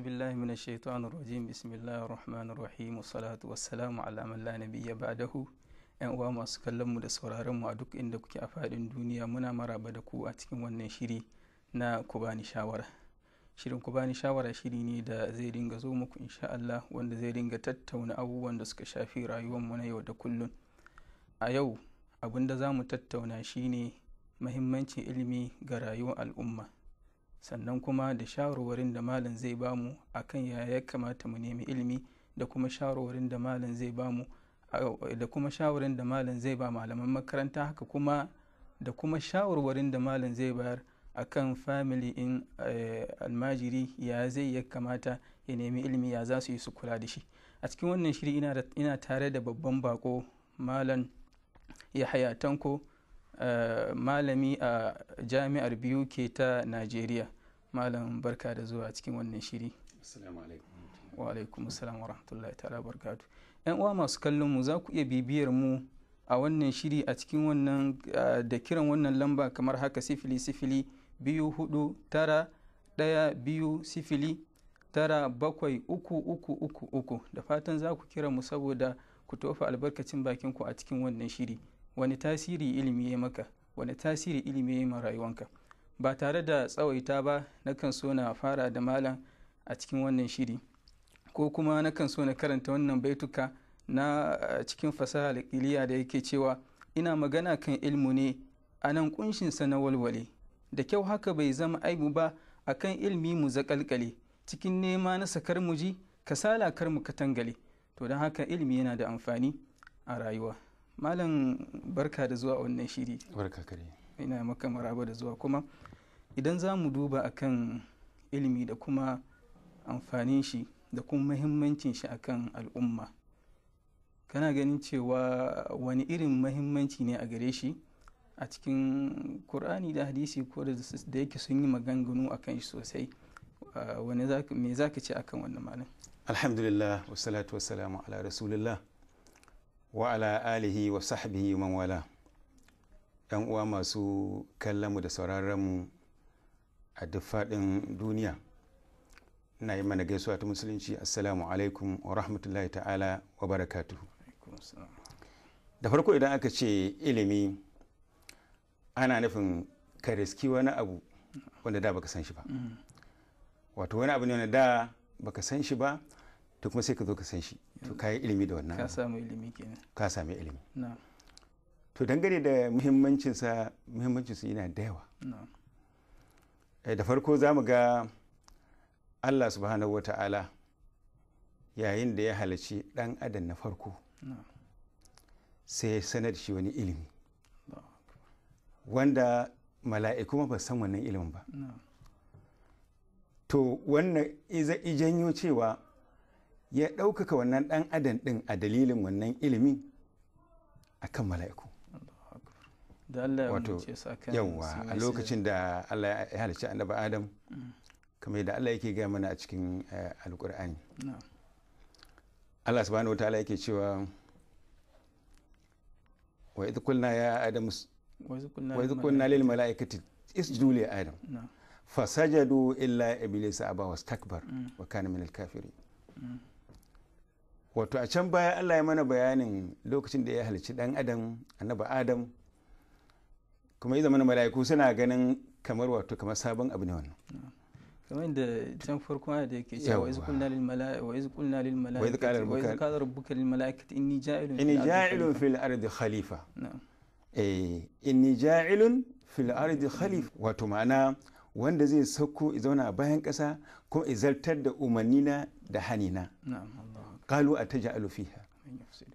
أعوذ بالله من الشيطان الرجيم بسم الله الرحمن الرحيم والصلاة والسلام على من لا ‘yan uwa masu kallon mu da sauraron mu a duk inda kuke a fadin duniya muna maraba da ku a cikin wannan shiri na kubani shawara shirin kubani shawara shiri ne da zai dinga zo muku insha Allah wanda zai dinga tattauna abubuwan da suka shafi rayuwar mu na yau da kullun a yau abin da zamu tattauna shine muhimmancin ilimi ga rayuwar al'umma sannan kuma da shawarwarin da malam zai bamu akan ya ya kamata mu nemi ilimi da kuma shawarwarin da malam zai bamu da kuma shawarwarin da malam zai ba malaman makaranta haka kuma da kuma shawarwarin da malam zai bayar akan family in eh, almajiri ya zai ya kamata ya nemi ilimi ya za su yi su kula da shi a cikin wannan shiri ina tare da babban bako malam yahaya tanko malami a jami'ar biyu ke ta najeriya malam barka da zuwa cikin wannan shiri wa alaikum wa rahmatullahi barkatu yan uwa masu kallon mu za ku iya bibiyar mu a wannan shiri a cikin wannan da kiran wannan lamba kamar haka sifili sifili biyu hudu tara ɗaya biyu sifili tara bakwai uku uku uku uku da fatan za ku kira mu saboda ku tofa albarkacin bakin ku a cikin wannan shiri wani tasiri ilimi ya maka wani tasiri ilimi ya yi rayuwanka ba tare da tsawaita ba na kan so na fara da malam a cikin wannan shiri ko kuma na kan so na karanta wannan baituka na cikin fasaha iliya da yake cewa ina magana kan ilmu ne a nan kunshinsa na walwale da kyau haka bai zama aibu ba a kan ilmi mu zaƙalƙale cikin nema na sakar mu ji kasala kar mu katangale to don haka ilmi yana da amfani a rayuwa malam barka da zuwa wannan shiri barka kare ina maka maraba da zuwa kuma idan za mu duba akan ilimi da kuma amfanin shi da kuma mahimmancin shi akan al'umma kana ganin cewa wani irin mahimmanci ne a gare shi a cikin kur'ani da hadisi ko da yake sun yi maganganu kan shi sosai ah, me za ka ce akan wannan malam alhamdulillah wasalatu wasalamu ala rasulillah wa ala alihi wa sahbihi man wala yan uwa masu kallonmu da sauraronmu a duk faɗin duniya na yi mana gaisuwa ta musulunci assalamu alaikum wa rahmatullahi ta'ala wa barakatu da farko idan aka ce ilimi ana nufin ka riski wani abu wanda da baka san shi ba mm. wato wani abu ne wanda da baka san shi ba to kuma sai ka zo ka san shi to ka yi ilimi da wannan ka samu ilimi to dangane da muhimmancinsa muhimmancinsa yana da yawa eh, da farko za mu ga allah subhanahu ta'ala yayin da ya halarci dan adam na farko sai sanar shi wani ilimi wanda mala'iku ma ba san wannan ilimin ba to wannan ijanyo cewa ya ɗaukaka wannan ɗan adam ɗin a dalilin wannan ilimin a kan mala'iku wato yawa a lokacin da Allah ya halicci annaba adam mm. kamar da Allah yake gaya mana a cikin eh, alƙur'ani Allah subhanahu wataala yake cewa wa idh kulna ya adam wa idh kulna lil mala'ikati isjudu li adam fasajadu illa iblis aba wastakbar mm. wa kana min al kafirin mm. wato a can baya allah ya mana bayanin lokacin da ya halicci dan adam annaba adam kuma ya zamana mala'iku suna ganin kamar wato kamar sabon abu ne wannan kamar yadda can farko da yake cewa wa iz nalil lil mala'ikati wa iz qulna lil mala'ikati wa iz qala rabbuka lil mala'ikati inni ja'ilun inni ja'ilun fil ardi khalifa eh inni ja'ilun fil ardi khalifa wato ma'ana wanda zai sauko zauna a bayan ƙasa kuma zartar da umarnina da hanina قالوا أتجعل فيها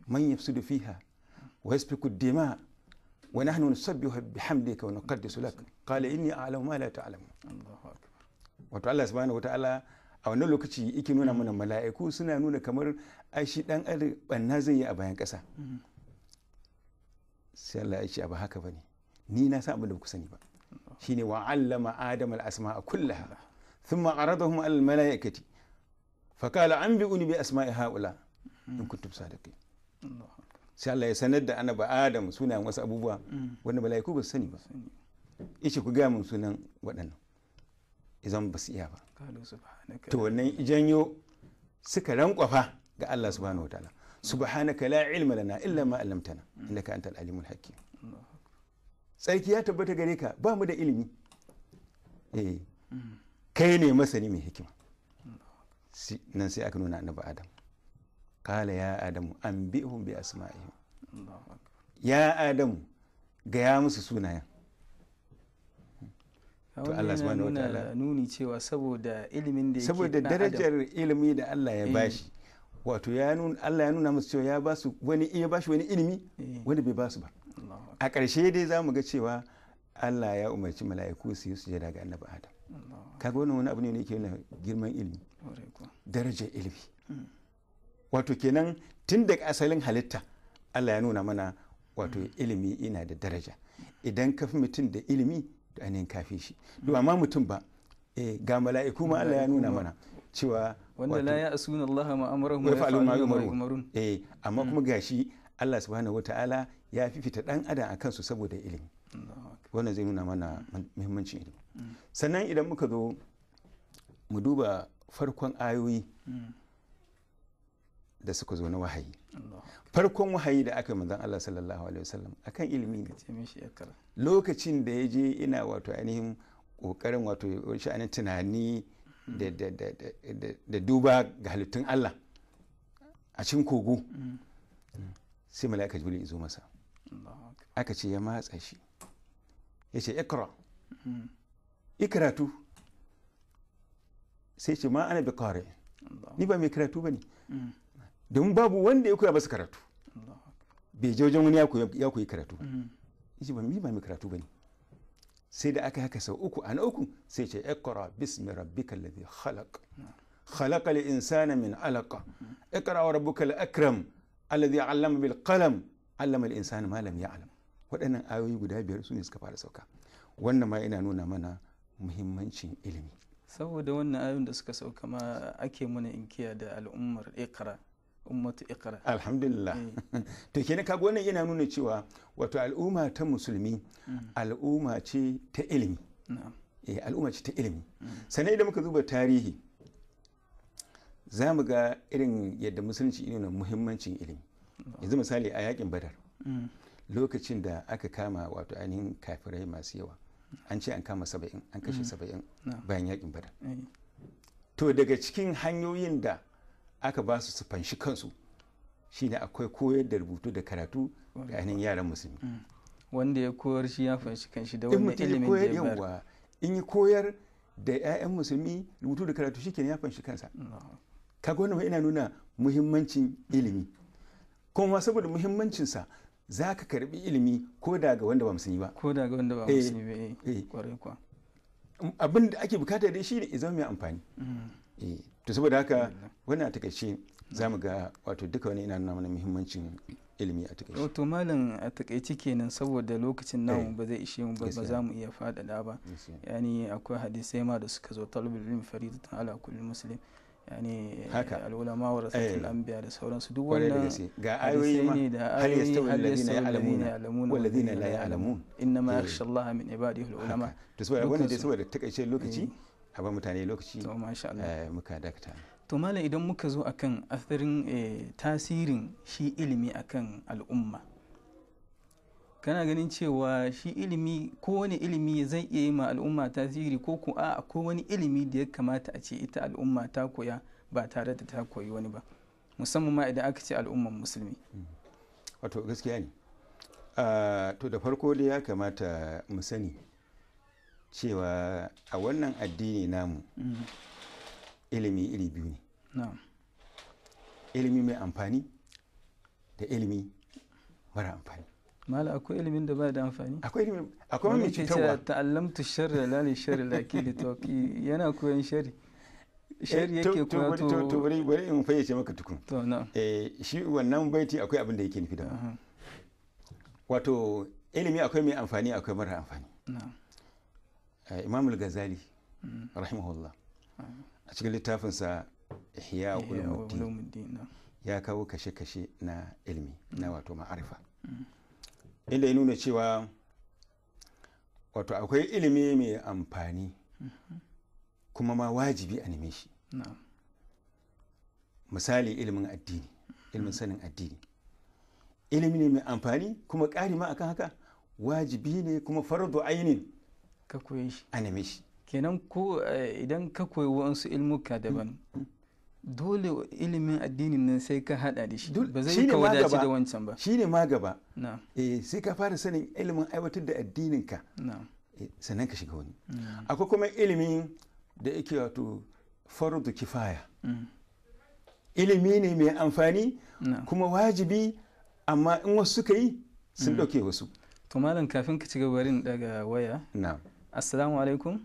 من يفسد فيها ويسفك الدماء ونحن نسبح بحمدك ونقدس لك قال إني أعلم ما لا تعلم الله أكبر wato Allah wata ala a wannan lokaci yake nuna mana mm. mala'iku suna nuna kamar ai shi dan adam banna zai yi a bayan kasa. Mm. sai Allah ya ce ba haka bane ni na san abin da ku sani ba shine wa allama adam al asma'a kullaha thumma aradahum al mala'ikati fakala an bi uni bi asma'i haula in kuntum sadiqin sai Allah ya sanar da annaba Adam sunayen wasu abubuwa wanda mala'iku ba su sani ba ishe ku gaya min sunan waɗannan idan ba su iya ba to wannan janyo suka rankwafa ga Allah subhanahu wataala subhanaka la ilma lana illa ma allamtana innaka antal alimul hakim tsarki ya tabbata gare ka ba mu da ilimi eh kai ne masani mai hikima nan sai aka nuna annabi adam kala ya adamu an bi bi asma'ihim ya adamu gaya musu sunayen to Allah subhanahu wataala nuni cewa saboda ilimin da yake saboda darajar ilimi da Allah ya eh. bashi wato ya nuna Allah ya nuna musu cewa ya basu wani iya bashi wani ilimi eh. wani bai basu ba a ƙarshe dai za mu ga cewa Allah ya umarci mala'iku su yi sujada ga annabi Adam kaga wannan wani abu ne ne yake nuna girman ilimi darajar ilimi hmm. wato kenan tun daga asalin halitta allah ya nuna mana wato hmm. ilimi ina da daraja hmm. idan ka fi mutum da ilimi to ainihin kafi shi to amma mutum ba eh, ga mala'iku ma allah ya nuna mana cewa wanda la ya asuna allah ma amrahum ya fa'alu ma yumarun eh amma kuma gashi allah subhanahu wataala ya fifita dan adam akan su saboda ilimi wannan zai nuna mana muhimmancin ilimi sannan idan muka zo mu duba farkon ayoyi da suka zo na wahayi farkon wahayi da aka yi manzon Allah sallallahu alaihi wasallam akan ilimi ne lokacin da ya je ina wato ainihin kokarin wato sha'anin tunani da duba ga halittun Allah a cikin kogo sai mala'ika jibril ya zo masa aka ce ya matsa shi ya ce ikra hmm. ikratu sai ce ma ana bi qari ni ba mai karatu ba ne mm. domin babu wanda ya koya masa karatu bai je wajen wani ya koyi karatu mm. yace ba ni ba mai karatu ba ne. sai da aka haka sau uku ana uku sai ce ikra bismi rabbikal ladhi khalaq خلق mm. wa من علقة Akram. وربك الأكرم الذي علم Allama علم insana malam ya يعلم waɗannan ayoyi guda biyar su ne suka fara sauka wannan ma ina nuna mana muhimmancin ilimi saboda wannan abin da suka sauka ma ake muna inkiya da al'ummar ikra ummatu ikra alhamdulillah eh. to ne ka wannan yana nuna cewa wato al'umma ta musulmi mm. al'umma ce ta ilimi eh al'umma ce ta ilimi mm. sannan idan muka zuba tarihi za mu ga irin yadda musulunci na muhimmancin ilimi yanzu misali a yakin badar mm. lokacin da aka kama wato ainihin kafirai masu yawa an ce an kama saba'in an kashe mm. saba'in bayan yakin badar eh. to daga cikin hanyoyin da aka ba su fanshi kansu shine akwai koyar da rubutu da karatu ga ainihin yaran musulmi mm. wanda ya koyar shi ya fanshi kanshi da wani ilimin da ya bayar in yi koyar da 'ya'yan musulmi rubutu da karatu shi ya fanshi kansa kaga wannan ina nuna muhimmancin ilimi kuma saboda muhimmancinsa za ka karbi ilimi ko da ga wanda ba mu sani ba ko da ga wanda ba eh, mu sani ba eh, eh. kwarai kwa um, abin da ake bukata dai shine ya zama mai amfani mm. eh to saboda haka wannan a takaice za mu ga wato duka wani ina nuna mana muhimmancin ilimi a takaice to malam a takaice kenan saboda lokacin eh. namu ba zai ishe mu ba ba za mu iya faɗaɗa ba yani akwai hadisai ma da suka zo talibul ilmi faridatan ala kulli muslim yani al'ulama wa rasatul eh. anbiya da sauransu duk wannan ga ayoyi ne da ayoyi hal yastawil ya'lamuna wal ladina la ya'lamun inna ma eh. yakhsha Allah min ibadihi al-ulama to saboda wannan dai saboda takaice lokaci eh. a ba mutane lokaci to masha Allah muka dakata to malam idan muka zo akan asirin tasirin shi ilimi akan al'umma kana ganin cewa shi ilimi ko wani ilimi zai iya yi ma al'umma tasiri ko ko a ko wani ilimi da ya kamata a ce ita al'umma ta koya ba tare da ta koyi wani ba musamman ma idan aka ce al'umman musulmi hmm. wato gaskiya ne to da farko dai ya kamata mu sani cewa a wannan addini namu hmm. ilimi iri biyu ne ilimi mai amfani da ilimi mara amfani mala akwai ilimin da ba da amfani akwai ilimin akwai wani cutarwa ta'allamtu sharri la li sharri la ki toki yana koyon sharri eh, sharri yake koya to to bari bari in fayyace maka tukun to na eh shi wannan baiti akwai abin da yake nufi da wato ilimi akwai mai amfani akwai mara amfani eh, imam al-ghazali mm. rahimahullah a cikin littafinsa ihya ulumuddin ya kawo kashe-kashe na ilimi na mm. wato ma'arifa mm. inda ya nuna cewa wato akwai ilimi mai amfani kuma ma wajibi a neme shi misali ilimin addini ilimin sanin addini ilimi ne mai amfani kuma ƙari ma akan haka wajibi ne kuma fardu ainihin ka koyi shi a neme shi kenan ko eh, idan ka koyi wa'ansu ilmuka daban mm. dole ilimin addinin nan sai ka hada da shi ba zai ka wadace da wancan ba ne ma gaba eh, sai ka fara sanin ilimin aiwatar da addinin ka eh, sannan ka shiga wani mm. akwai kuma ilimin da yake wato fardu kifaya mm. ilimi ne mai amfani kuma wajibi amma in wasu suka yi sun dauke mm. wasu to malam kafin ka ci gaba daga waya assalamu alaikum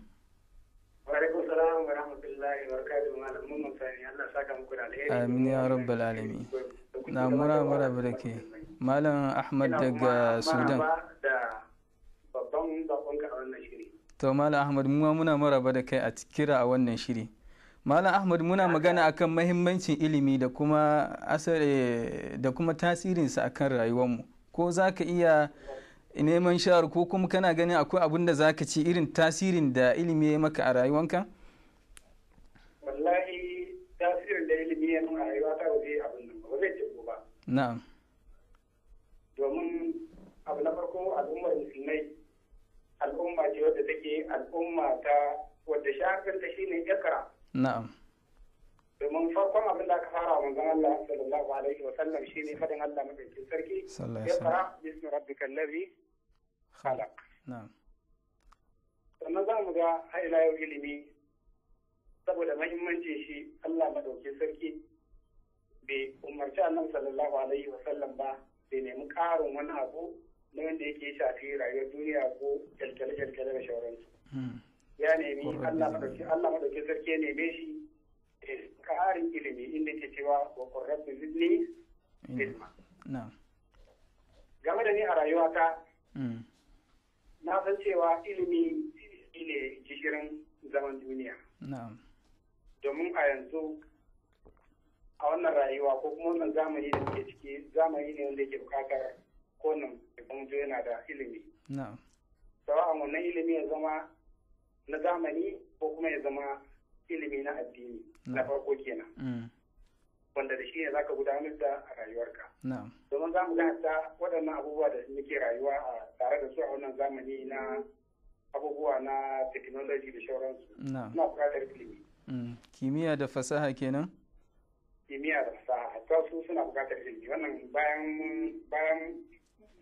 amin ya rabbal alami na mura mura barake malam ahmad daga sudan to malam ahmad muna muna maraba da kai a kira a wannan shiri malam ahmad muna magana akan mahimmancin ilimi da kuma asare eh, da kuma tasirinsa akan rayuwarmu ko za ka iya neman shawar ko kuma kana ganin akwai abin da za ka ci irin tasirin da ilimi ya maka a rayuwanka? na'am domin abu na farko al'ummar musulmai al'umma ce wadda take al'umma ta wadda shafinta ne ikra na'am domin farkon abin da aka fara wa manzon Allah sallallahu alaihi wa sallam shi ne fadin Allah madaukakin sarki iqra bismi rabbikal ladhi khalaq na'am sannan za mu ga har ila yau ilimi saboda mahimmancin shi Allah madaukakin sarki bai umarci annabi sallallahu alaihi wa sallam ba bai nemi karin wani abu na wanda yake shafi rayuwar duniya ko kyalkyale kyalkyale da shauransu hmm. ya nemi Allah maɗauki Allah madauki sarki ya neme shi ƙarin ilimi inda ke cewa wa qurrabbi zidni hmm. ilma game da ni a rayuwa ta, hmm. na san cewa ilimi ne gishirin zaman duniya domin a yanzu a wannan rayuwa ko kuma wannan zamani da muke ciki zamani ne wanda yake bukatar kowane mutum yana da ilimi. a wannan ilimi ya zama na zamani ko kuma ya zama ilimi na addini na farko kenan. Mm. Wanda da shi ne zaka gudanar da a rayuwarka. Domin za mu hatta waɗannan abubuwa da muke rayuwa a tare da su a wannan zamani na abubuwa na technology da sauransu. Na bukatar ilimi. Mm. Kimiyya da fasaha kenan? kimiyya da fasaha hatta su suna bukatar ilimi wannan bayan bayan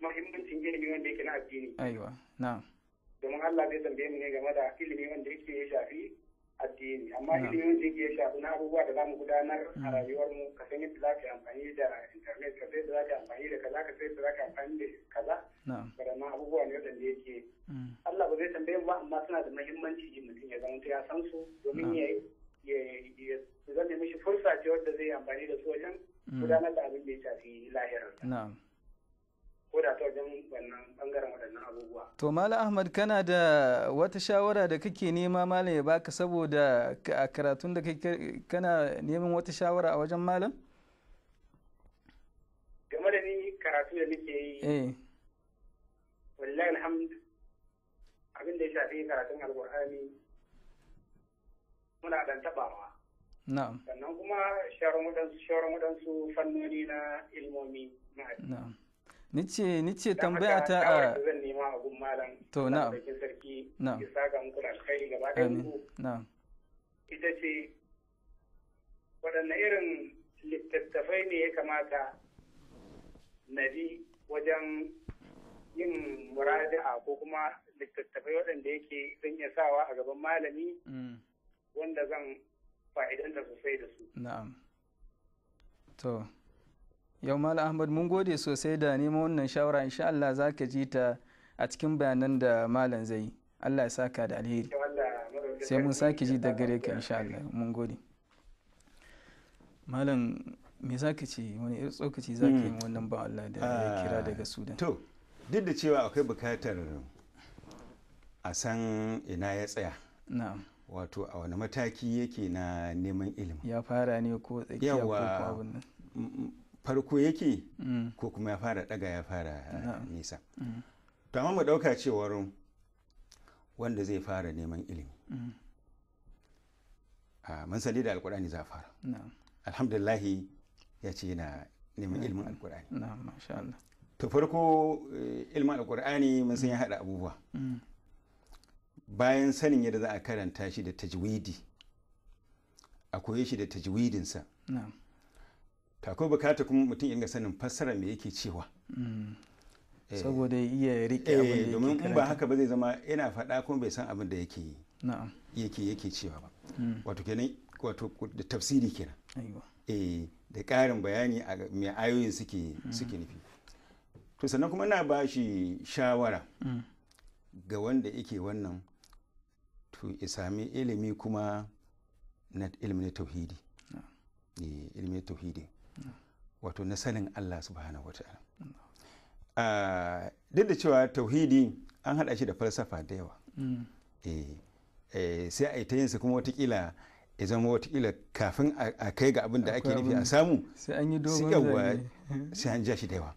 muhimmancin ilimi wanda yake na addini aiwa na domin Allah zai tambaye mu ne game da ilimi wanda yake ya shafi addini amma ilimi wanda yake ya shafi na abubuwa da zamu gudanar a mm. rayuwar mu ka san yadda za zaka amfani da internet ka san yadda za zaka amfani da kaza ka san yadda za zaka amfani da kaza ma abubuwa ne wanda yake mm. Allah ba zai tambaye mu ba amma suna da muhimmanci mutum ya zama ya san su domin ya yi ya zama mishi fursa ce wadda zai amfani da su mm. gudanar da abin da ya shafi lahirar. Ko da ta wajen wannan bangaren waɗannan abubuwa. To Malam Ahmad kana da wata shawara da kake nema Malam ya baka saboda a karatun da kana neman wata shawara a wajen Malam? Game da ni karatu da nake yi. Eh. Wallahi alhamdulillah abin da ya shafi karatun alkur'ani muna dan tabawa na'am sannan kuma shawarar mu dan su fannoni na ilmomi na na'am nice nice tambaya ta ah, a zan nema a gun malam to na'am sarki na'am isa ga muku alkhairi gaba da ku na'am ita ce waɗanne irin littattafai ne ya kamata na bi wajen yin muraja'a ko kuma littattafai waɗanda yake zan iya sawa a gaban malami mm. wanda zan fa'idanta sosai da su na'am to yau mala ahmad mun gode sosai da neman wannan shawara insha Allah za ka ji ta a cikin bayanan da malam zai Allah ya saka da alheri sai mun sake ji da gare ka insha Allah mun gode malam me za ka ce wani irin tsokaci za ka yi hmm. wannan ba Allah da ya kira ah, daga sudan to duk da cewa akwai bukatar a san ina ya tsaya na'am wato a wani mataki yake na neman ilimi ya fara ne ko tsakiya ko abin nan farko yake mm. ko kuma ya fara daga ya fara nisa mm. to amma mu dauka cewar wanda zai fara neman ilimi mm. a mansali da alkurani za fara alhamdulillah ya ce yana neman ilimin alkurani Allah to farko eh, ilimin alkurani mun san ya hada abubuwa mm. bayan sanin yadda za a karanta shi da tajwidi a koye shi da tajwidinsa ta akwai bukata kuma mutum inga sanin fassara me yake cewa mm. eh. saboda iya rike abin da eh, yake domin in ba haka ba zai zama yana faɗa kuma bai san abin da yake yi yake yake cewa ba mm. wato kenan wato da tafsiri kenan eh da ƙarin bayani a me ayoyin suke mm. suke nufi to sannan kuma na ba shi shawara ga wanda yake wannan to ya sami ilimi kuma na ilimin tauhidi eh, ilimin tauhidi wato na sanin Allah subhanahu wa ta'ala ah, duk da cewa tauhidi an haɗa shi da falsafa da yawa mm. eh, eh, sai a yi ta yinsa kuma watakila ya zama watakila kafin a kai ga abin da ake nufi a samu sai an yi sai an ja shi da yawa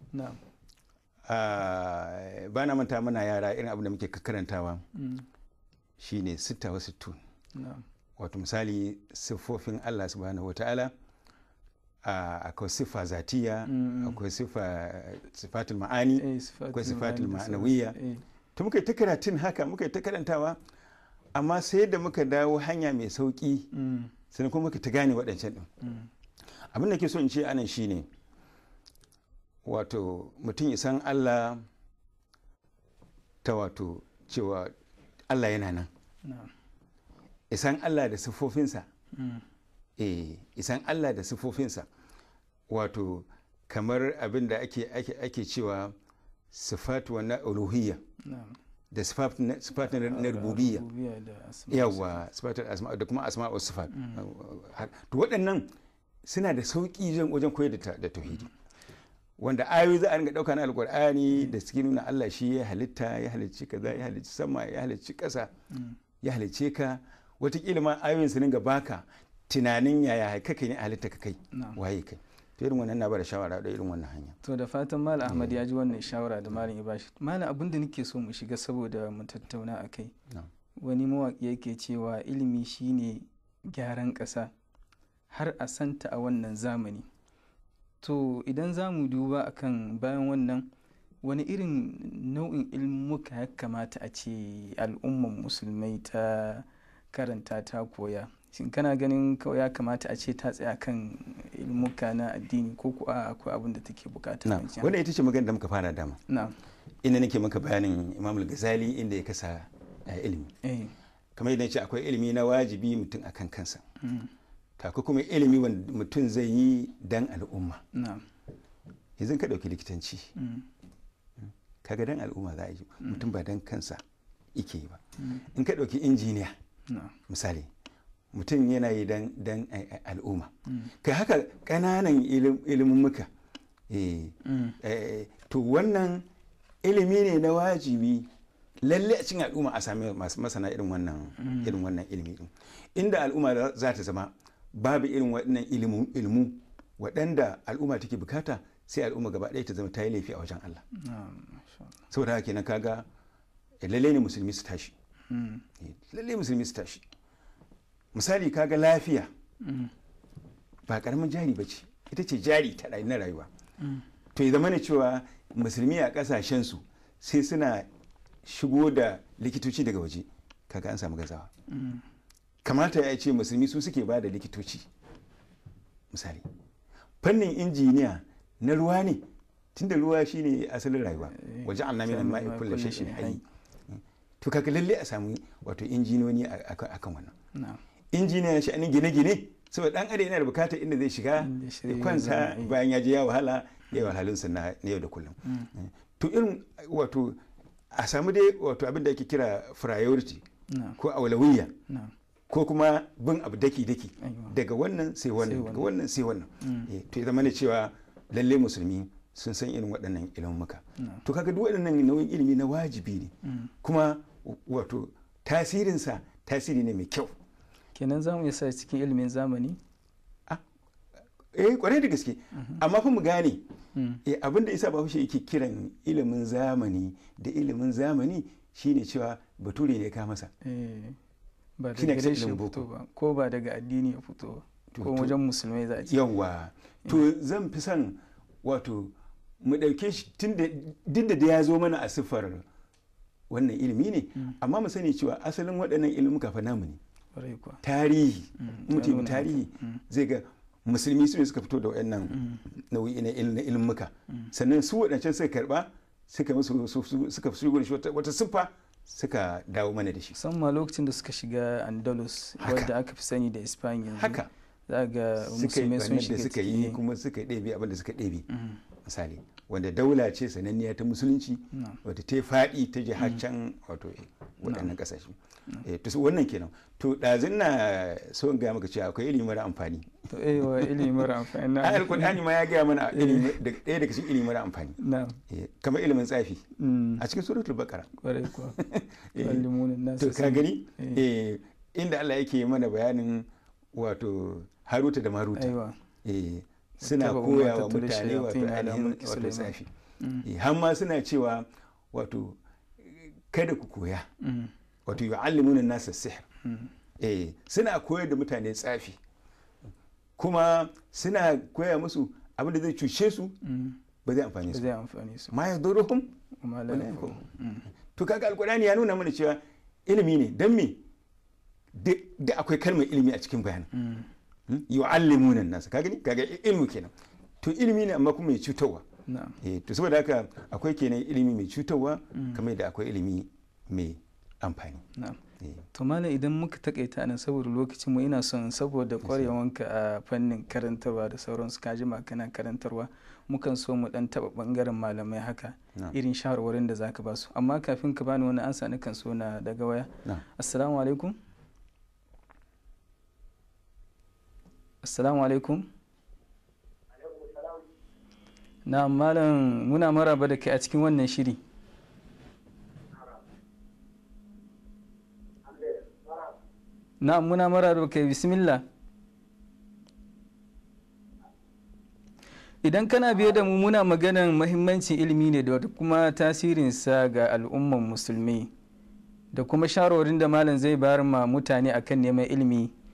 ah, ba na manta muna yara irin abin da muke karantawa mm. shine sita wa sittun wato misali siffofin allah subhanahu wata'ala akwai siffa zatiya akwai siffa sifatul ma'ani eh, akwai sifatul ma'anawiya eh. to muka yi ta karatun haka muka yi ta karantawa amma sai da muka dawo hanya mai sauki mm. sannan kuma muka ta gane waɗancan ɗin mm. abin da ke so in ce anan shine wato mutum ya san allah ta wato cewa allah yana nan isan Allah da siffofinsa mm. eh isan Allah da siffofinsa wato kamar abin da ake ake cewa sifat wa na uluhiyya da sifat na rububiyya yawa sifat asma da kuma asma wa sifat mm. to waɗannan suna da sauƙi wajen koyar da tauhidi wanda ayoyi za a ringa ɗauka na alƙur'ani da suke nuna Allah shi ya halitta ya halicci kaza ya halicci sama ya halicci ƙasa mm. ya halice ka watakila ma ayoyin su ga baka tunanin yaya kake ne halitta ka kai waye kai to irin wannan na bada shawara da irin wannan hanya to da fatan mal eh. ahmad ya ji wannan shawara da malam ibashi malam abin da nake so mu shiga saboda mu tattauna kai wani mawaƙi yake cewa ilimi shine gyaran ƙasa har a santa a wannan zamani to idan za mu duba akan bayan wannan wani irin nau'in ilmuka ya kamata a ce al'umman musulmai ta karanta ta koya shin kana ganin kawai ya kamata a ce ta tsaya kan ilmuka na addini ko kuwa akwai abin da take bukata na wanda ita ce magana da muka fara dama na inda nake maka bayanin imam al-ghazali inda ya kasa eh, ilimi eh. kamar yadda ce akwai ilimi na wajibi mutum akan kansa kaku mm. kuma ilimi wanda mutum zai yi dan al'umma yanzu ka dauki likitanci mm. kaga dan al'umma za a yi mutum ba dan kansa ike yi ba mm. in ka ɗauki injiniya misali mutum yana yi dan al'umma mm. kai haka ƙananan muka eh, mm. eh, to wannan ilimi ne na wajibi lalle a cikin al'umma a sami masu masana irin wannan ilimi din inda al'umma za ta zama babu irin wannan ilimu waɗanda al'umma take bukata sai al'umma gaba ɗaya ta zama ta yi laifi a wajen Allah saboda haka kenan kaga eh, lalle ne musulmi su tashi eh, lalle musulmi su tashi misali kaga lafiya ba karamin jari ba ce ita ce jari ta na rayuwa to ya zama cewa musulmi a kasashen su sai suna shigo da likitoci daga waje kaga an samu gazawa kamata ya ce musulmi su suke ba da likitoci misali fannin injiniya na ruwa ne tunda ruwa shine asalin rayuwa eh, waje an namin ma'i shi shi hayi eh. to kaka lalle a samu wato injinoni akan wannan injiniya shi anin gine-gine saboda dan adai yana da bukatar inda zai shiga ya kwanta eh. bayan ya je ya wahala ya yi wahalinsa na yau da kullum mm. to irin wato a samu dai wato abin da ake kira priority ko aulawiyya ko kuma bin abu daki-daki daga wannan sai wannan daga wannan sai wannan mm. to ya zama ne cewa lalle musulmi sun san irin waɗannan ilimuka to kaga duk waɗannan nauyin ilimi na wajibi ne mm. kuma wato tasirinsa tasiri ne mai kyau kenan za mu iya sa cikin ilimin zamani ah, eh kwarai da gaske mhm. amma fa mu gane mm. eh abinda isa ba yake kiran ilimin zamani da ilimin zamani shine cewa bature ne ka masa eh, ba daga gare shi fito ba ko ba daga addini ya fito ko wajen musulmai za a ce yawwa to eh. zan fi son wato mu ɗauke shi duk da ya zo mana a siffar wannan ilimi ne amma mu sani cewa asalin waɗannan ilimin kafa namu ne mm. tarihi mutum tarihi mm. zai ga musulmi su ne suka fito da waɗannan mm. nau'i na ilmuka sannan su waɗancan suka karɓa suka musu suka fi wata siffa suka dawo mana da shi musamman lokacin da suka shiga andalus wadda aka fi sani da ispanya haka za ga musulmi sun shiga suka yi kuma suka ɗebe abin da suka ɗebe misali wanda daula ce sananniya ta musulunci wata ta faɗi ta ji haccan. Mm. wato eh, waɗannan ƙasashe eh, to wannan kenan to ɗazin na so in gaya maka cewa akwai ilimi mara amfani to eh wa ilimi mara amfani na alƙur'ani ma ya gaya mana eh. ilimi ɗaya daga cikin ilimi mara amfani kamar ilimin tsafi mm. a cikin suratul baqara ƙwarai kuwa to ka gani inda Allah yake mana bayanin wato haruta da maruta suna koya wa mutane wato ainihin wato tsafi mm. eh, har ma suna cewa wato kada ku koya mm. wato alimuna nasa sihir mm. eh suna koyar da mutane tsafi kuma suna koya musu abin da zai cuce su ba zai amfani su ma ya dorokum to kaga alkurani ya nuna mana cewa ilimi ne don me da akwai kalmar ilimi a cikin bayanin Hmm? yu'allimuna an-nas ka gani kaga ilmu kenan to ilmi ne amma kuma mai cutarwa eh to saboda haka akwai kenan ilimi mai cutarwa hmm. kamar yadda akwai ilimi mai amfani eh. to malam idan muka takaita nan saboda lokacin mu ina son saboda kwarewanka a fannin karantarwa da sauransu ka jima kana karantarwa mukan so mu dan taba bangaren malamai haka irin shawarwarin da zaka ba su amma kafin ka bani wani ansa na kan so na daga waya assalamu alaikum assalamu alaikum na malam muna maraba da kai a cikin wannan shiri na muna maraba da kai bismillah idan kana biye da mu muna maganan mahimmancin ilimi ne da kuma tasirinsa ga al'umman musulmi da kuma shawarwarin da malam zai bayar ma mutane akan neman ilimi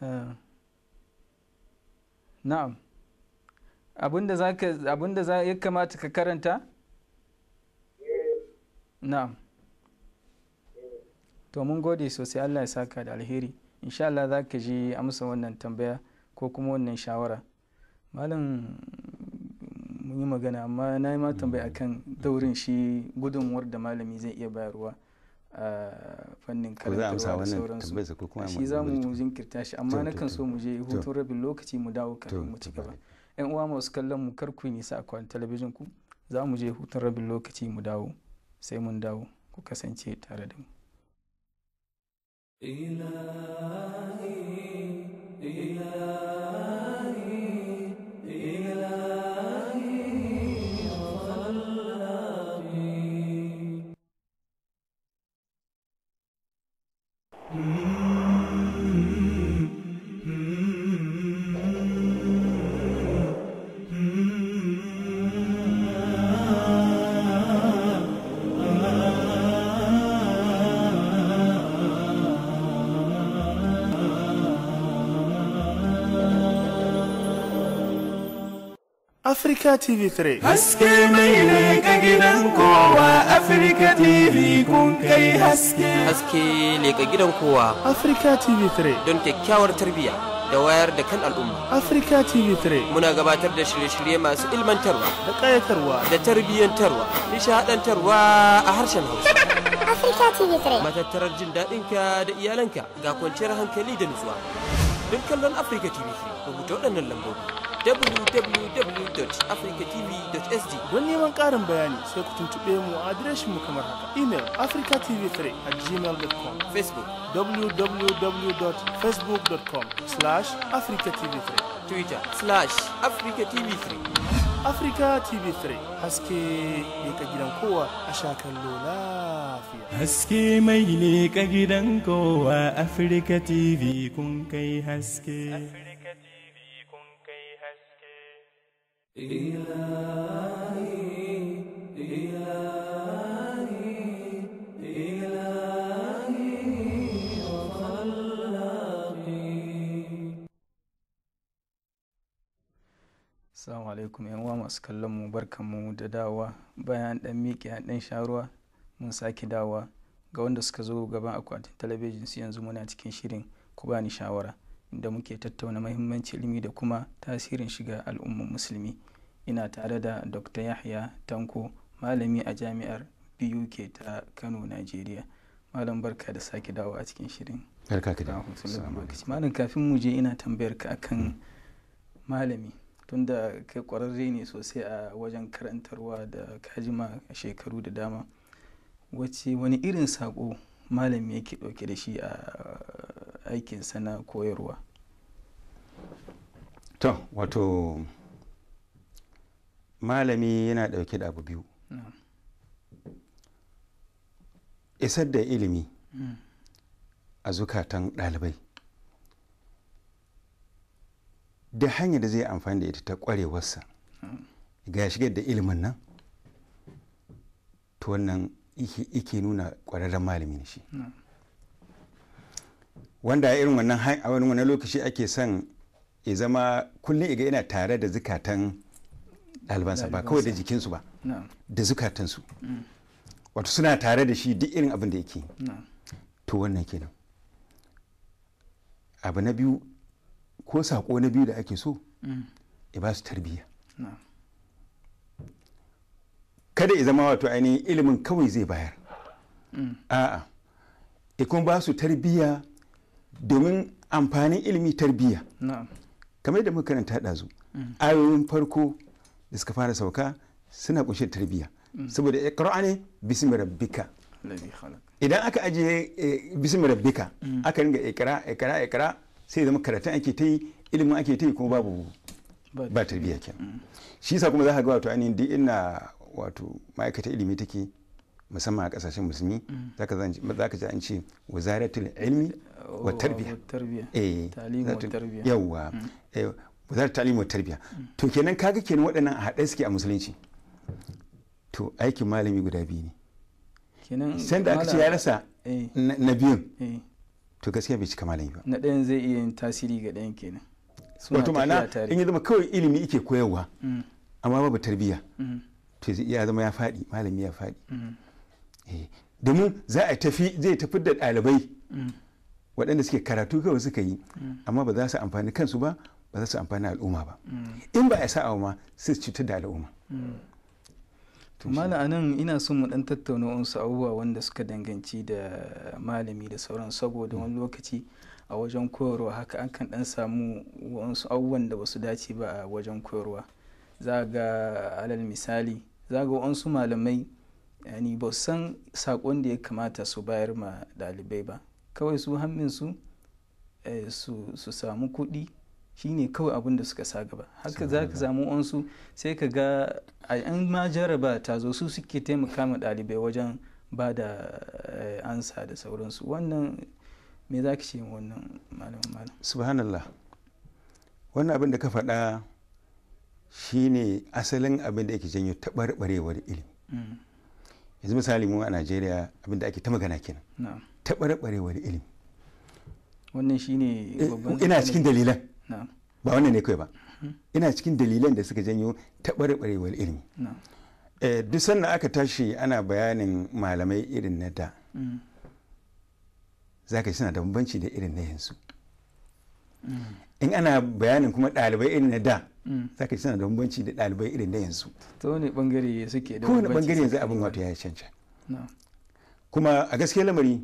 Ah. na'am abinda za ka abinda ya kamata ka karanta na'am to mun gode sosai Allah ya saka da alheri insha Allah za ka ji amsa wannan tambaya ko kuma wannan shawara malam mun yi magana amma na yi ma tambaya akan daurin shi gudunwar da malami zai iya bayarwa fannin karantarwa da sauransu shi za mu jinkirta shi amma na kan so mu je hutun rabin lokaci mu dawo kafin mu ci gaba yan uwa masu kallon mu kar ku nisa a talabijin ku za mu je hutun rabin lokaci mu dawo sai mun dawo ku kasance tare da mu ilahi ilahi Africa TV3. Haske mai ne ga gidan kowa Africa TV kun kai haske. Haske ne ga gidan kowa Africa TV3. Don kyakkyawar tarbiyya da wayar da kan al'umma. Africa TV3. Muna gabatar da shirye-shirye masu ilmantarwa. Da ƙayatarwa. Da tarbiyyantarwa. Nishaɗantarwa a harshen Hausa. Africa TV3. Matattarar jin daɗinka da iyalanka ga kwanciyar hankali da nutsuwa. Don kallon Africa TV3 rubuta waɗannan lambobi. www.africatv.sg don neman ƙarin bayani sai ku tuntuɓe mu a adireshin mu kamar haka email africatv3 at gmail.com facebook www.facebook.com slash africatv3 twitter slash africatv3 Africa TV3 haske ne ka gidan kowa a shakan lafiya. Haske mai ne ka gidan kowa Africa TV kun kai haske. africa. إلهي Assalamu alaikum yan uwa masu kallon mu barkanmu da dawa bayan dan miƙe a dan sharuwa mun sake dawa ga wanda suka zo gaban akwatin talabijin su yanzu muna cikin shirin ku bani shawara da muke tattauna mahimmanci ilimi da kuma tasirin shiga al'ummar musulmi ina tare da dr yahya tanko malami a jami'ar buk ta kano nigeria malam barka da sake dawo a cikin shirin malam kafin mu je ina tambayar ka akan hmm. malami tunda kai kwararre ne sosai a wajen karantarwa da kajima shekaru da dama wace wani irin sako malami yake ɗauke da shi a aikinsa na koyarwa to wato malami yana ɗauke da abu biyu isar da ilimi hmm. a zukatan ɗalibai da hanyar da zai amfani da ita ta kwarewarsa hmm. ga shigar da ilimin nan to wannan yake nuna ƙwararren malami ne shi wanda a irin wannan a wani wannan lokaci ake son ya zama kullum iga yana tare da zukatan ɗalibansa ba kawai da jikinsu ba da zukatansu mm. wato suna tare da shi duk irin abin da yake to wannan kenan abu na biyu ko saƙo na biyu da ake so mm. ya ba su tarbiyya kada ya zama wato ainihin ilimin kawai zai bayar a'a ikon ba su tarbiyya domin amfanin ilimi tarbiyya kamar yadda muka karanta ɗazu ayoyin farko da suka fara sauka suna kunshe tarbiyya mm. saboda karo ne bismi rabbika idan aka ajiye eh, bismi rabbika mm. aka ringa ikira ikira ikira sai zama karatun ake ta yi ilimin ake ta yi kuma babu ba tarbiyya kenan mm. shi sa kuma za ka ga wato ainihin duk ina wato ma'aikata ilimi take musamman a kasashen musulmi mm. za ka ji an ce wazaratul ilmi wa tarbiya eh yawa mm. eh, wazaratul talimu wa tarbiya mm. to kenan kaga kenan waɗannan a haɗe suke a musulunci to aikin malami guda biyu ne kenan sanda aka ce ya rasa eh. na biyun eh. to gaskiya bai cika malami ba na ɗayan zai iya yin tasiri ga ɗayan kenan wato ma'ana in ya zama kawai ilimi ike koyarwa amma babu tarbiyya to ya zama ya faɗi malami ya faɗi mm. eh, domin za a tafi zai tafi da ɗalibai mm. waɗanda suke karatu kawai suka yi mm. amma ba za su amfani kansu ba ba za su amfani al'umma ba in ba a sa ma su cuta da al'umma to anan ina so mu dan tattauna wasu abubuwa wanda suka danganci da malami da sauran saboda wani lokaci a wajen koyarwa haka an kan dan samu wasu abubuwan da su dace ba a wajen koyarwa za ga alal misali zaga wa'ansu malamai yani ba san saƙon da ya kamata su bayar ma ɗalibai ba kawai su hannun eh, su su samu kuɗi shine kawai abin da suka sa gaba haka za ka samu wasu sai ka ga 'yan ma jaraba ta zo su suke taimaka ma ɗalibai wajen ba da eh, ansa da sauransu wannan me za ka ce wannan malam malam subhanallah wannan abin da ka faɗa shine asalin abin da yake janyo taɓarɓarewar ilimi mm. yanzu misali mu a najeriya abin da ake ta magana kenan taɓarɓarewar ilimi wannan shine eh, ina cikin dalilan ba wannan ne kai ba mm-hmm. ina cikin dalilan da suka janyo taɓarɓarewar ilimi eh, duk sannan aka tashi ana bayanin malamai irin na da mm. za ka suna da bambanci da irin na yanzu mm. in ana bayanin kuma ɗalibai irin na da zaka ka suna da bambanci da ɗalibai irin da yanzu ta wani bangare suke da kowane bangare yanzu abin wato ya canca. kuma a gaske lamari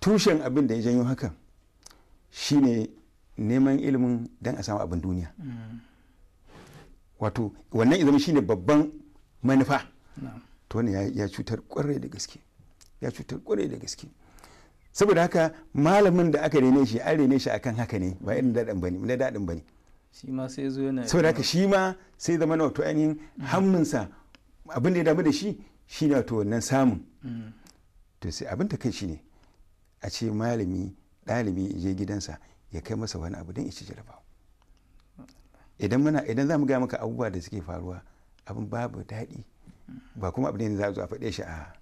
tushen abin da ya janyo hakan shine neman ilimin don a samu abin duniya wato wannan izama shine babban manufa to wani ya cutar kwarai da gaske ya cutar kwarai da gaske saboda haka malamin da aka rene shi an rene shi akan haka ne ba irin daɗin bane na daɗin bane shi sai zo yana saboda haka shi ma sai zama na wato ainihin hannunsa abin da ya damu da shi shi ne wato wannan samun mm. to sai abin ta kai shi ne a ce malami ɗalibi je gidansa ya kai masa wani abu don ici jarabawa idan muna idan za mu gaya maka abubuwa da suke faruwa abin babu daɗi ba kuma abin da za a zo a faɗe shi a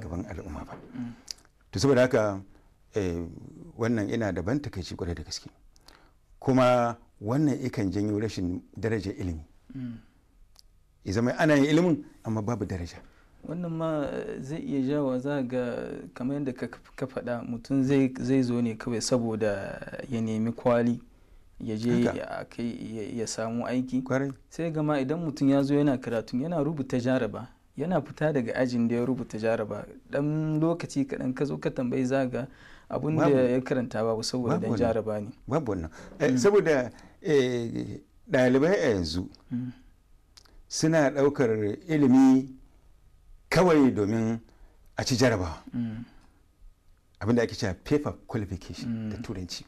gaban al'umma ba mm. to saboda haka eh, wannan ina daban takaici kwarai da gaske kuma wannan ikan janyo rashin daraja ilimi hmm. ya zama ana yin ilimin amma babu daraja wannan ma zai iya jawa za ga kamar yadda ka faɗa mutum zai zo ne kawai saboda ya nemi kwali ya je ya samu aiki sai gama idan mutum ya zo yana karatun yana rubuta jaraba yana fita daga ajin da ya rubuta jaraba dan lokaci kaɗan ka zo ka tambayi zaga abun da ya karanta babu saboda dan jaraba ne babu wannan eh, hmm. saboda Eh, ɗalibai a yanzu suna ɗaukar ilimi kawai domin a ci jaraba abinda ake cewa paper qualification mm. da turanci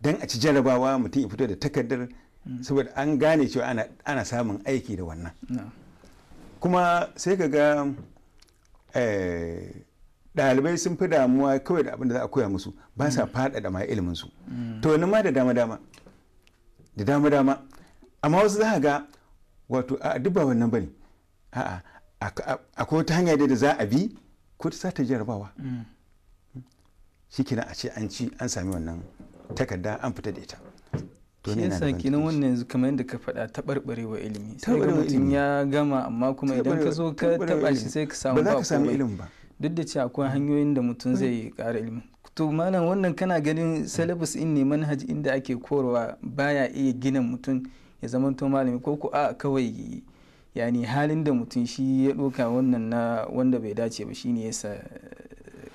don a ci jarabawa mutum ya fito da takardar mm. saboda an gane cewa ana samun aiki da wannan kuma sai ka ga eh, ɗalibai sun fi damuwa kawai da abinda za a koya musu ba sa mm. faɗaɗa ma iliminsu to wani ma da dama-dama da dama dama amma wasu za ga wato a duk ba wannan bane a'a akwai wata hanya da za a bi ko ta sata jarabawa mm. shi kina a ce an ci an sami wannan takarda an fita da ita shi yasa kinan wannan yanzu kamar yadda ka faɗa wa ilimi sai ga mutum ya gama amma kuma idan ka zo ka taɓa shi sai ka samu ba ba za ka samu ilimi ba duk da cewa akwai hanyoyin da mutum zai ƙara ilimi to malam wannan kana ganin syllabus in ne manhaji inda ake korowa baya iya gina mutum ya zamanto malami ko ku a kawai yani halin da mutum shi ya ɗoka wannan na wanda bai dace ba shine yasa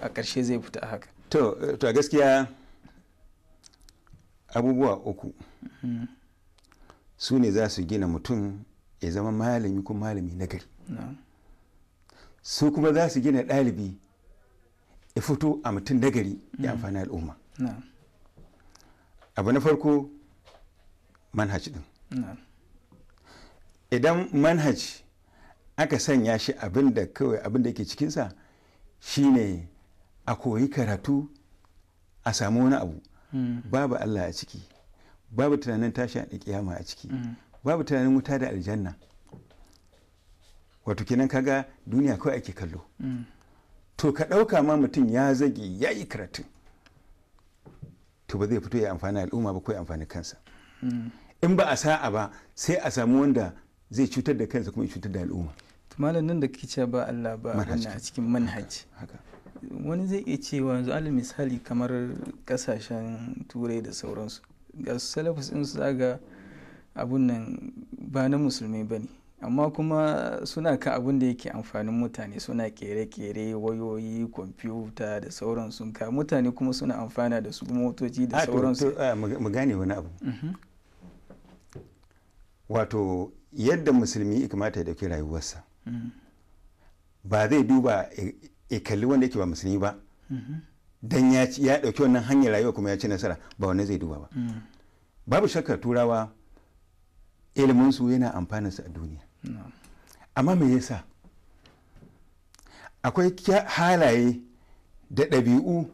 a ƙarshe zai fita haka to to gaskiya abubuwa uku mm-hmm. su ne za su gina mutum ya zama malami ko malami nagari su kuma za su gina ɗalibi ya fito a mutum nagari ya mm. amfani al'umma abu na farko manhaj ɗin. idan manhaj aka sanya shi abin da kawai abin da yake cikinsa shine a koyi karatu a samu wani abu mm. babu allah a ciki babu tunanin tashi a kiyama a ciki mm. babu tunanin wuta da aljanna wato kenan kaga duniya kawai ake kallo mm. to ka ɗauka ma mutum ya zage ya yi karatun to ba zai fito ya amfani al'umma ba ko ya amfani kansa mm. in ba a sa'a ba sai a samu wanda zai cutar da kansa kuma ya cutar da al'umma malam nan da kake cewa ba Allah ba wannan a cikin manhaj wani zai iya cewa yanzu alal misali kamar kasashen turai da sauransu ga salafus din su zaga abun nan ba na musulmai bane amma kuma suna kan abin da yake amfanin mutane suna kere-kere wayoyi kwamfuta da sauran sun ka mutane kuma suna amfana da su motoci da ah, sauransu ah, mu gane wani abu mm-hmm. wato yadda musulmi ya kamata ya dauki rayuwarsa mm-hmm. ba zai duba ya kalli wanda yake ba musulmi ba mm-hmm. dan ya dauki wannan hanyar rayuwa kuma ya ci nasara ba wani zai duba ba babu shakkar turawa iliminsu yana amfaninsu a duniya amma me yasa akwai halaye da ɗabi'u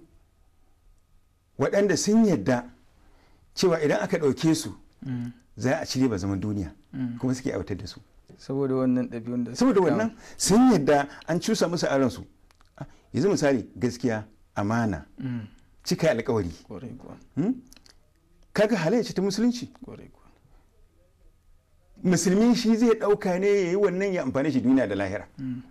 waɗanda sun yadda cewa idan aka ɗauke su mm. za a cire ba zaman duniya mm. kuma suke autar da su saboda wannan ɗabi'un da saboda wannan sun yadda an cusa musu a ransu yanzu misali gaskiya amana mm. cika alkawari hmm? kaga halayya ce ta musulunci musulmi shi zai ɗauka ne ya yi wannan ya amfani shi duniya da lahira mm.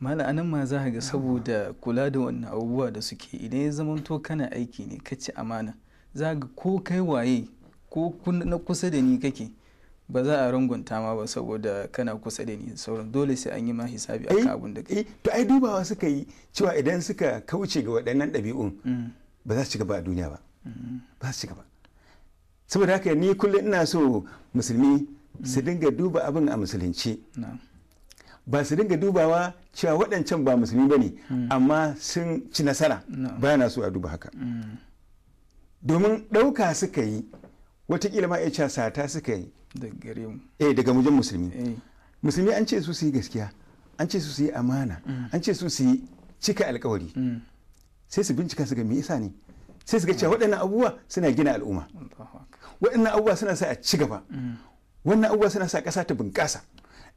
mana anan ma za ga saboda kula da wannan abubuwa da suke idan ya zama to kana aiki ne ka ci amana za ga ko kai waye ko na kusa da ni kake ba za a rangunta ma ba saboda kana kusa da ni sauran dole sai an yi ma hisabi a kan eh, da kai eh, to ai dubawa suka yi cewa idan suka kauce ga waɗannan ɗabi'un mm. ba za su ci gaba a duniya ba mm. ba za su ci gaba saboda haka ni kullum ina so musulmi su dinga duba abin a musulunci ba su dinga dubawa cewa waɗancan ba musulmi ba ne hmm. amma sun ci nasara ba na so a duba haka hmm. domin ɗauka suka yi watakila ma ya ci sata suka yi daga eh, wajen musulmi eh. musulmi an ce su su yi gaskiya an ce su su yi amana hmm. an ce su su yi cika alkawari sai su bincika su ga me yasa ne sai su ga cewa waɗannan abubuwa suna gina al'umma waɗannan abubuwa suna sa a ci gaba wannan abubuwa suna sa ƙasa ta bunƙasa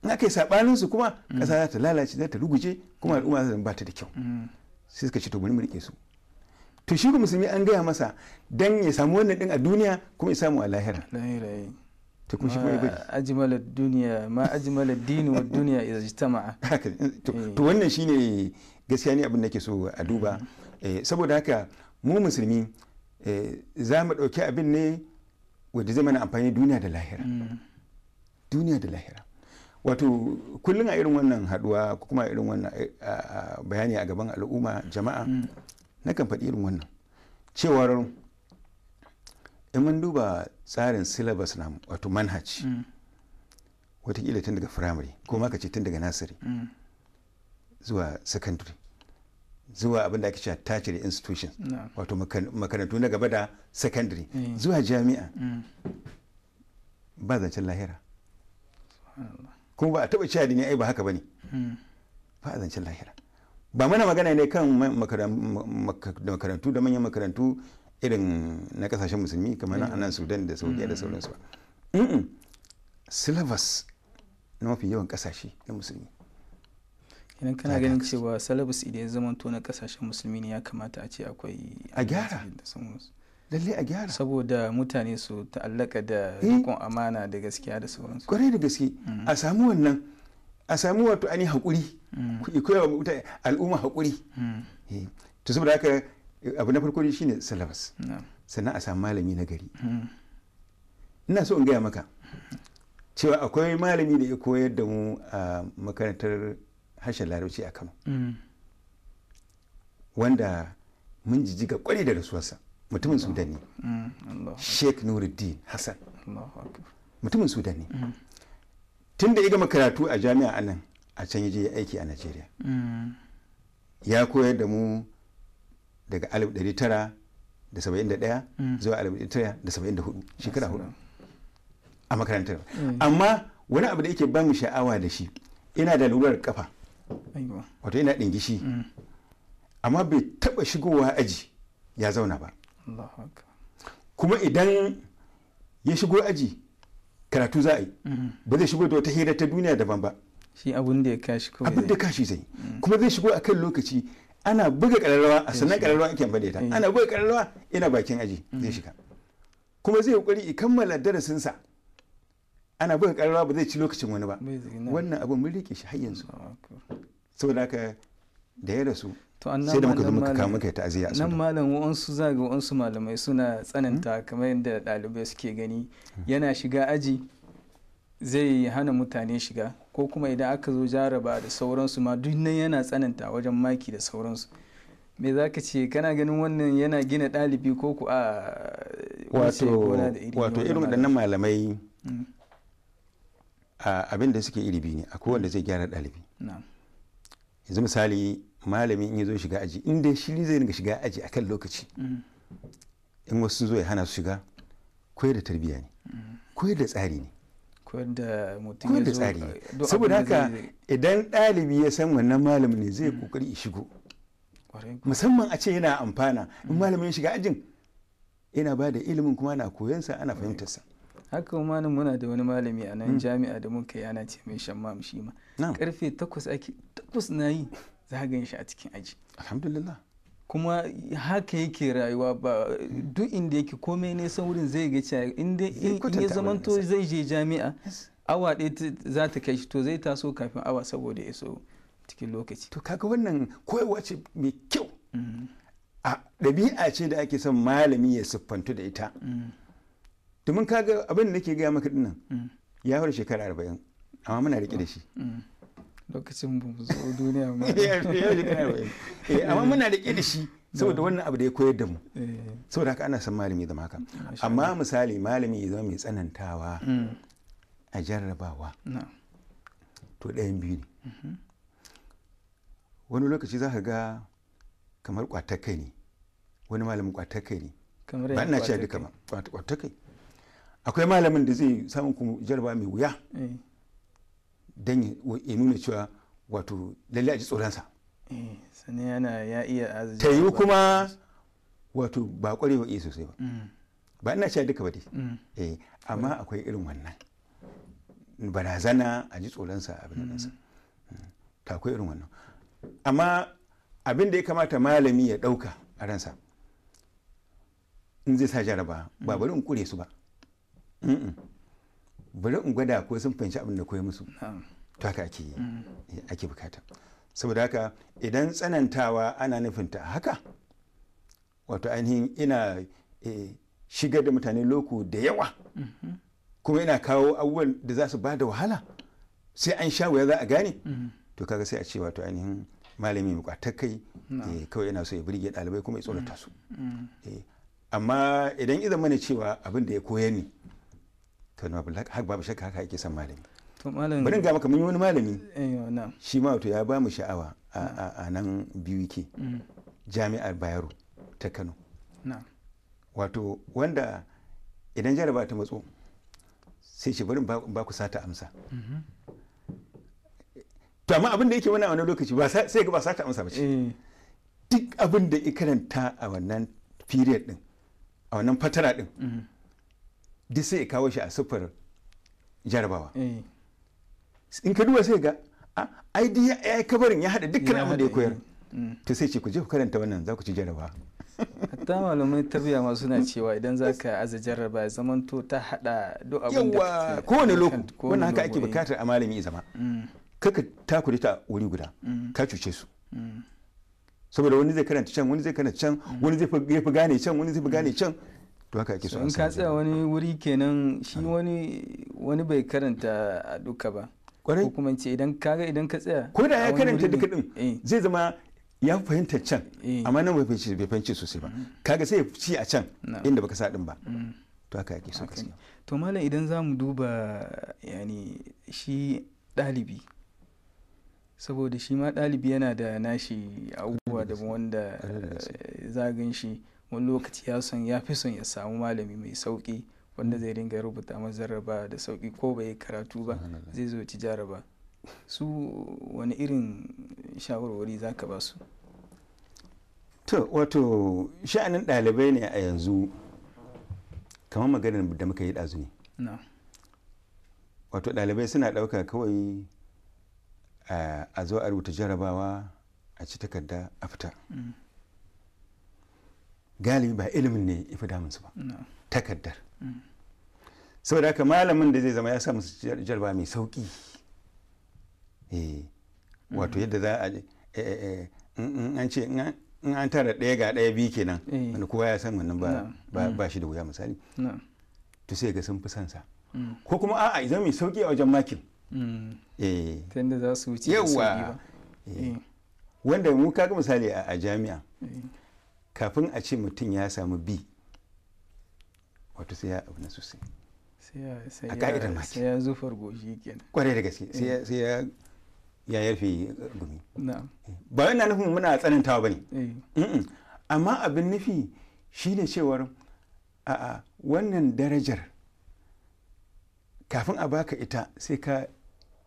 in aka yi saɓanin su kuma mm. ƙasa za ta lalace za ta ruguje kuma al'umma za ta ba ta da kyau mm. sai suka ce to bari mu rike su to shi musulmi an gaya masa dan ya samu wannan din a duniya kuma ya samu a lahira to kuma shi kuma bari duniya ma ajmala dini wa duniya idza ijtama'a eh. to wannan shine gaskiya ne abin da ke so a duba mm. eh, saboda haka mu musulmi eh, za mu ɗauki abin ne wanda zai mana amfani duniya da lahira duniya da lahira wato kullum a irin wannan haduwa ko kuma irin wannan eh, bayani a gaban al'umma jama'a mm. na kan faɗi irin wannan cewar in mun duba tsarin syllabus na wato manhaj mm. watakila tun daga firamare ko maka ce tun daga nasiri mm. zuwa secondary zuwa abin da ake cewa tertiary institution wato makarantu na gaba da secondary zuwa jami'a ba zancen lahira kuma ba a taba cewa duniya ai ba haka bane ba a zancen lahira ba mana magana ne kan makarantu da manyan makarantu irin na kasashen musulmi kamar nan anan sudan da saudiya da sauransu ba syllabus na mafi yawan kasashe na musulmi idan kana ganin cewa syllabus idan ya to na kasashen musulmi ne ya kamata a ce akwai a gyara lallai a gyara saboda mutane su ta'allaka da eh. rikon amana da gaskiya da sauransu kwarai da gaske mm. a samu wannan a samu wato ani hakuri mm. koyawa mutane al'umma hakuri mm. eh. to saboda haka abu na farko shine syllabus sannan a samu malami na gari ina so in gaya maka cewa akwai malami da ya koyar da mu a makarantar harshen larabci a kano wanda mun jijjiga kwarai da rasuwarsa mutumin sudan ne mm, sheikh nuruddin hassan mutumin sudan ne mm. tun da ya gama karatu a jami'a anan a can yaje aiki a najeriya mm. ya koyar da mu daga 1971 zuwa 1974 shekara hudu a makarantar amma wani abu da yake ba mu sha'awa da shi ina da lurar kafa wato ina ɗingishi amma bai taɓa shigowa aji ya zauna ba kuma idan ya shigo aji karatu za a yi mm-hmm. ba zai shigo da wata hira ta duniya daban ba shi abin da ya kashi kawai abin da kashi zai mm. kuma zai shigo akan lokaci ana buga kararrawa a sannan kararrawa ake amfani ta eh. ana buga kararrawa ina bakin aji zai mm. shiga kuma zai kokari i kammala darasinsa ana buga kararrawa ba zai ci lokacin wani ba wannan abin mun rike shi har yanzu saboda haka da ya rasu to sai da muka zo muka kama kai ta'aziyya a nan malam wa'ansu zaga wa'ansu malamai suna tsananta hmm? kamar yadda ɗalibai suke gani hmm. yana shiga aji zai hana mutane shiga ko kuma idan aka zo jaraba da sauransu ma duk nan yana tsananta wajen maki da sauransu me za ka ce kana ganin wannan yana gina ɗalibi ko ku a wato irin waɗannan malamai hmm. abin da suke iri biyu ne akwai wanda zai gyara ɗalibi yanzu misali malami in ya zo shiga aji in dai shi zai ringa shiga aji akan lokaci in wasu sun zo ya hana su shiga koyar da tarbiyya ne koyar da tsari ne koyar da tsari ne saboda haka idan ɗalibi ya san wannan malamin ne zai kokari ya shigo musamman a ce yana amfana in malamin ya shiga ajin yana ba da ilimin kuma na sa ana fahimtarsa haka kuma nan muna da wani malami a nan hmm. jami'a da muka yi ana ce mai shammam shi ma karfe takwas ake takwas na yi za ka gan shi a cikin aji alhamdulillah kuma haka yake rayuwa ba duk inda yake komai ne san wurin zai ga cewa inda ya zamanto zai je jami'a awa ɗaya za ta kai shi to zai taso kafin awa saboda ya so cikin lokaci to kaga wannan koyarwa ce mai kyau mm. a ɗabi'a ce da ake son malami ya siffantu da ita mm. domin kaga abin da nake gaya maka dinnan mm. ya shekara arba'in amma muna riƙe da oh. shi lokacin bu zo duniya ma eh, amma muna da da shi saboda eh. wannan abu da ya koyar da mu eh. saboda haka ana son malami zama haka amma misali malami ya zama mai tsanantawa mm. a jarrabawa to ɗayan biyu ne mm-hmm. wani lokaci za ka ga kamar kwatakai ne wani malamin kwatakai ne ba ina cewa duka ba kwatakai akwai malamin da zai samun kuma jarba mai wuya don ya nuna cewa wato lalle a ji tsoronsa eh, sani yana ya iya arziki ta yi kuma wato ba kwarewa iya sosai ba mm. ba ina cewa duka ba dai mm. eh, amma akwai irin wannan barazana a ji tsoronsa a mm. nasa ta akwai irin wannan amma abin da ya kamata malami ya ɗauka a ransa in zai sa jaraba ba bari in kure su ba bari in gwada ko sun fahimci abin da koyi musu to haka ake mm. eh, ake bukata saboda haka idan tsanantawa ana nufin ta haka wato ainihin ina eh, shigar da mutane loko da yawa mm-hmm. kuma ina kawo abubuwan da za su ba da wahala sai an sha wuya za a gane mm-hmm. to kaga sai a ce wato ainihin malami mai kwatar kai eh, kawai yana so ya birge ɗalibai kuma ya tsorata su mm-hmm. amma idan idan mana cewa abin da ya koya ni to na babu shakka haka ake son malami bari ga maka mun yi wani malami eh, shi ma wato ya ba mu sha'awa a nan biyu ke mm. jami'ar bayero ta kano wato wanda idan jaraba ta matso sai shi barin ba ku sata amsa mm-hmm. to amma abin da yake wani a wani lokaci sai ga ba sata amsa ba ce eh. duk abin da ya karanta a wannan period din a wannan fatara din mm-hmm. duk sai ya kawo shi a siffar jarabawa eh. in ka duba sai ga ah, ai duk ya yi kabarin ya haɗa dukkan abin da ya koyar eh. mm. to sai ce ku je ku karanta wannan za ku ci jarabawa hatta malamai tarbiyya ma suna cewa idan za ka aza jarraba zaman to ta haɗa duk abin da ko kowane loko wannan haka ake bukatar a malami zama mm. kaka takure ta wuri guda mm. ka cuce su saboda wani zai karanta can wani zai karanta can wani zai fi gane can wani zai fi gane can to haka ake so in ka tsaya wani wuri kenan shi wani wani bai karanta a duka ba kwarai ko kuma ce idan kaga idan ka tsaya ko da ya karanta duka din eh. zai zama ya fahimta can eh. amma nan bai fahimci bai fahimci sosai ba mm. kaga sai ya ci a can inda baka sa din ba mm. to haka ake so gaskiya to malam idan zamu duba yani shi dalibi saboda shi ma dalibi yana da nashi abubuwa da wanda eh, zagin shi wani lokaci ya son ya fi son ya samu malami mai sauki wanda zai ringa rubuta masa jarraba da sauki ko bai yi karatu ba zai zo ci jaraba su wani irin shawarwari za ka ba su to wato sha'anin ɗalibai ne a yanzu kamar maganin da muka yi ɗazu ne wato ɗalibai suna ɗauka kawai eh, a zo a rubuta jarabawa a ci takarda a fita mm. galibi ba ilimin ne ifi su ba takaddar mm. saboda haka malamin da zai zama ya sa musu jarba mai sauki eh, wato mm. yadda za a eh, eh, an ce in an tara ɗaya ga ɗaya biyu kenan wani kowa ya san wannan ba mm. shi da wuya misali to sai ga sun fi sansa ko kuma a'a idan mai sauki a wajen makin ta za su wuce yawa wanda mu kaga misali a jami'a kafin a ce mutum ya samu b wato sai ya abu na sosai a ka'idar maki sai ya zufar goshi kenan kwarai da gaske sai ya eh. ya yarfe eh, gumi eh, ba yana nufin muna tsanantawa ba ne amma abin nufi shine cewar a'a wannan darajar kafin a baka ita sai ka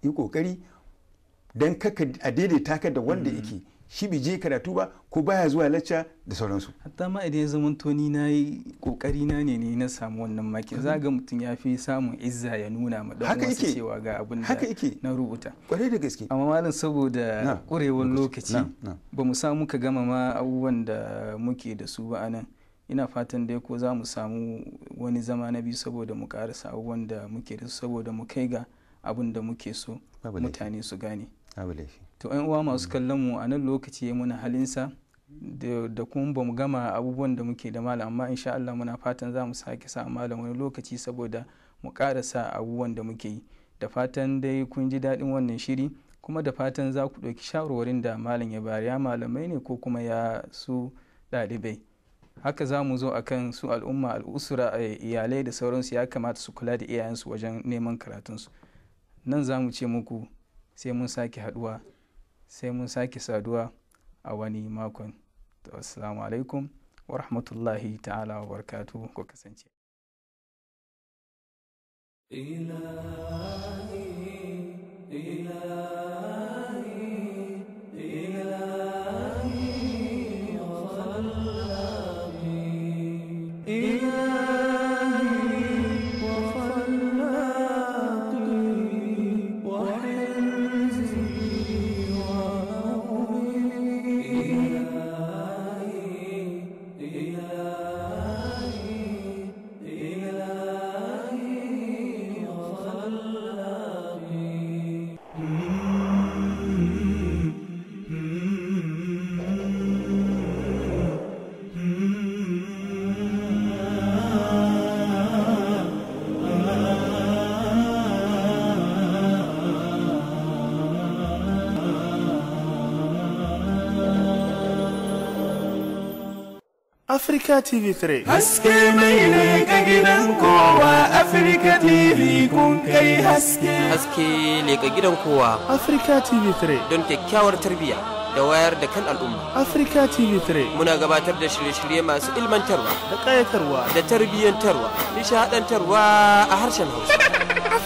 yi kokari don kaka a daidaita ka da wanda mm. yake shi bai je karatu ba ko baya zuwa lacca da sauransu hatta ma idan ya zama toni na yi kokari na ne ne na samu wannan makin za ga mutum ya fi samun izza ya nuna ma dan wasu cewa ga abin da na rubuta kwarai da gaske amma malam saboda kurewar lokaci ba mu samu ka gama ma abubuwan da muke da su ba anan ina fatan dai ko za mu samu wani zama na biyu saboda mu karasa abubuwan da muke da su saboda mu kai ga abin da muke so mutane su gane to yan uwa masu kallon mu a nan lokaci ya muna halinsa da kuma ba mu gama abubuwan da muke da malam amma insha Allah muna fatan za mu sake sa malam wani lokaci saboda mu sa abubuwan da muke yi da fatan dai kun ji daɗin wannan shiri kuma da fatan za ku ɗauki shawarwarin da malam ya bayar ya malamai ne ko kuma ya su ɗalibai haka za mu zo akan su al'umma al'usura eh, iyalai da sauransu ya kamata su kula da iyayensu wajen neman karatunsu nan za mu ce muku sai mun sake haɗuwa sai mun sake saduwa a wani makon to assalamu alaikum wa rahmatullahi ta'ala wa barkatu ku kasance ilahi ilahi Africa TV3. Haske mai ne ga gidan kowa Africa TV kun kai haske. Haske ne ga gidan kowa Africa TV3 don kyakkyawar tarbiyya da wayar da kan al'umma. Africa TV3 muna gabatar da shirye-shirye masu ilmantarwa da ƙayatarwa da tarbiyyantarwa nishaɗantarwa a harshen Hausa.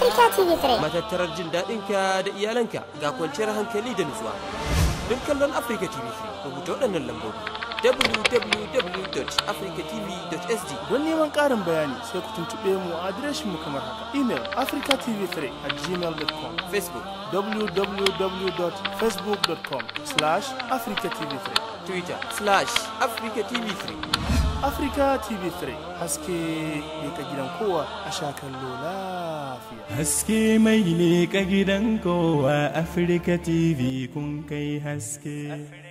Africa TV3. Matattarar jin daɗinka da iyalanka ga kwanciyar hankali da nutsuwa. Don kallon Africa TV3, rubuta waɗannan lambobi. www.africatv.sd don neman ƙarin bayani sai ku tuntube mu a adireshinmu kamar haka email africatv3 at gmail.com facebook www.facebook.com slash africatv3 twitter slash africatv3 Africa TV3 haske ne ka gidan kowa a shakar lola Haske mai ne ka gidan kowa Africa TV kun kai haske.